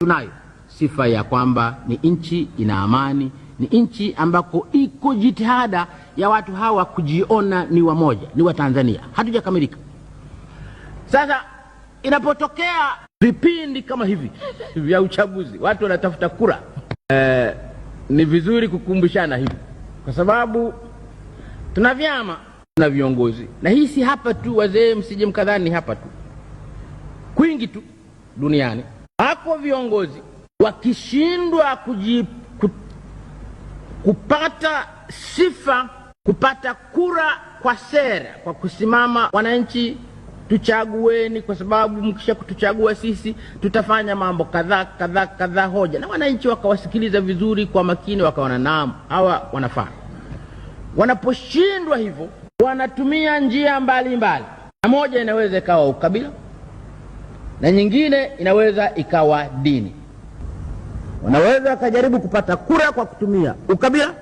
Tunayo sifa ya kwamba ni nchi ina amani, ni nchi ambako iko jitihada ya watu hawa kujiona ni wamoja, ni Watanzania. Hatujakamilika. Sasa inapotokea vipindi kama hivi vya uchaguzi, watu wanatafuta kura, eh, ni vizuri kukumbushana hivi, kwa sababu tuna vyama, tuna viongozi, na hii si hapa tu. Wazee, msije mkadhani hapa tu, kwingi tu duniani hapo viongozi wakishindwa kupata sifa, kupata kura kwa sera, kwa kusimama, wananchi tuchagueni, kwa sababu mkisha kutuchagua sisi tutafanya mambo kadhaa kadhaa kadhaa, hoja na wananchi wakawasikiliza vizuri kwa makini, wakaona naam, hawa wanafaa. Wanaposhindwa hivyo, wanatumia njia mbalimbali mbali. na moja inaweza ikawa ukabila na nyingine inaweza ikawa dini. Wanaweza wakajaribu kupata kura kwa kutumia ukabila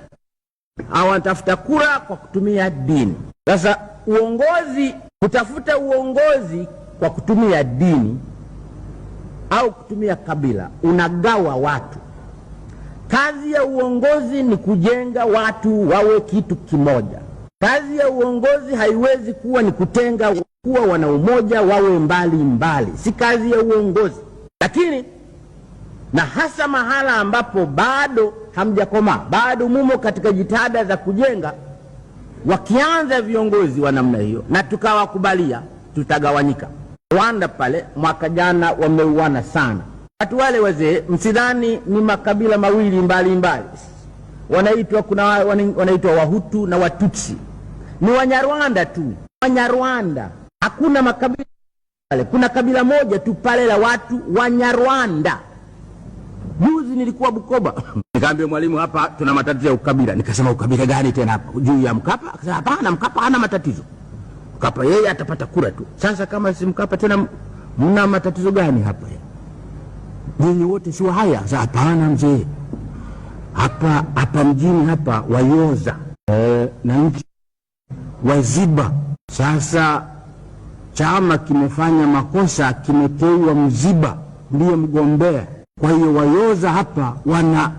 au wanatafuta kura kwa kutumia dini. Sasa uongozi, kutafuta uongozi kwa kutumia dini au kutumia kabila, unagawa watu. Kazi ya uongozi ni kujenga watu wawe kitu kimoja. Kazi ya uongozi haiwezi kuwa ni kutenga kuwa wana umoja wawe mbali mbali, si kazi ya uongozi. Lakini na hasa mahala ambapo bado hamjakomaa, bado mumo katika jitihada za kujenga, wakianza viongozi wa namna hiyo na tukawakubalia, tutagawanyika. Rwanda pale mwaka jana wameuana sana watu wale wazee, msidhani ni makabila mawili mbalimbali wanaitwa, kuna wanaitwa Wahutu na Watutsi, ni Wanyarwanda tu, Wanyarwanda. Hakuna makabila pale, kuna kabila moja tu pale la watu Wanyarwanda. Juzi nilikuwa Bukoba nikaambia mwalimu, hapa tuna matatizo ya ukabila. Nikasema ukabila gani tena hapa juu ya Mkapa? Akasema hapana, Mkapa hana matatizo, Mkapa yeye atapata kura tu. Sasa kama si Mkapa tena mna matatizo gani hapa? Ninyi wote si haya? Hapana mzee, hapa hapa mjini hapa wayoza e, na nchi waziba sasa chama kimefanya makosa, kimeteua mziba ndiye mgombea. Kwa hiyo wayoza hapa wana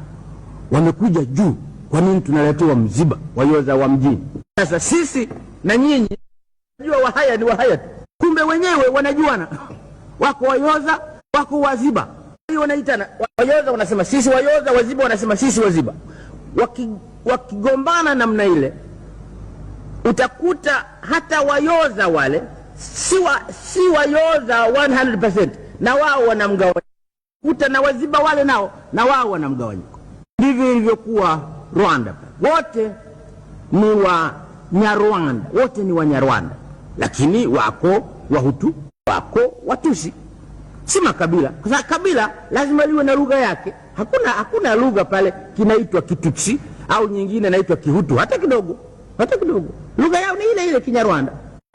wamekuja juu. Kwa nini tunaletewa mziba? Wayoza wa mjini. Sasa sisi na nyinyi najua wahaya ni wahaya tu, kumbe wenyewe wanajuana, wako wayoza wako waziba, hiyo wanaitana wayoza, wanasema sisi wayoza, waziba wanasema sisi waziba. Waki, wakigombana namna ile utakuta hata wayoza wale si wayodha 100% na wao wana mgawanyiko, kuta na waziba wale nao na wao wana mgawanyiko. Ndivyo ilivyokuwa Rwanda, wote ni wa Nyarwanda, wote ni Wanyarwanda, lakini wako Wahutu, wako Watusi, si makabila. Kwa sababu kabila lazima liwe na lugha yake. Hakuna, hakuna lugha pale kinaitwa Kitutsi au nyingine inaitwa Kihutu hata kidogo, hata kidogo. Lugha yao ni ile ile Kinyarwanda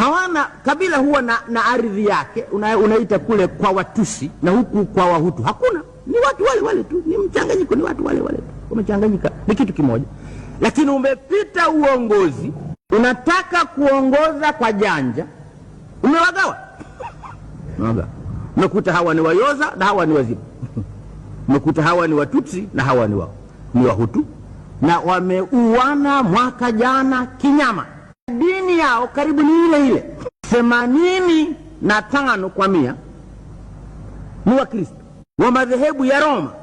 hawana kabila huwa na, na ardhi yake una, unaita kule kwa Watusi na huku kwa Wahutu hakuna, ni watu wale wale tu, ni mchanganyiko, ni watu wale wale tu, wamechanganyika, ni kitu kimoja. Lakini umepita uongozi, unataka kuongoza kwa janja, umewagawa umekuta hawa ni Wayoza na hawa ni Waziba umekuta hawa ni Watutsi na hawa ni, wa, ni Wahutu na wameuana mwaka jana kinyama yao karibu ni ile ile. Themanini na tano kwa mia ni Wakristo wa madhehebu ya Roma,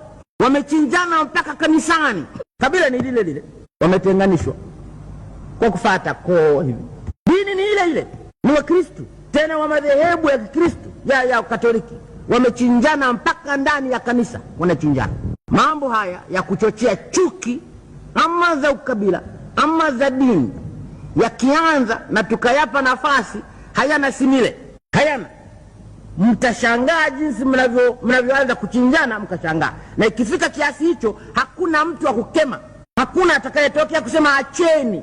wamechinjana mpaka kanisani. Kabila ni lile lile, wametenganishwa kwa kufata koo hivi. Dini ni ile ile, ni Wakristo tena wa madhehebu ya Kikristo ya, ya Katoliki, wamechinjana mpaka ndani ya kanisa wanachinjana. Mambo haya ya kuchochea chuki ama za ukabila ama za dini yakianza na tukayapa nafasi, hayana simile, hayana mtashangaa jinsi mnavyoanza kuchinjana, mkashangaa. Na ikifika kiasi hicho, hakuna mtu wa kukema, hakuna atakayetokea kusema acheni.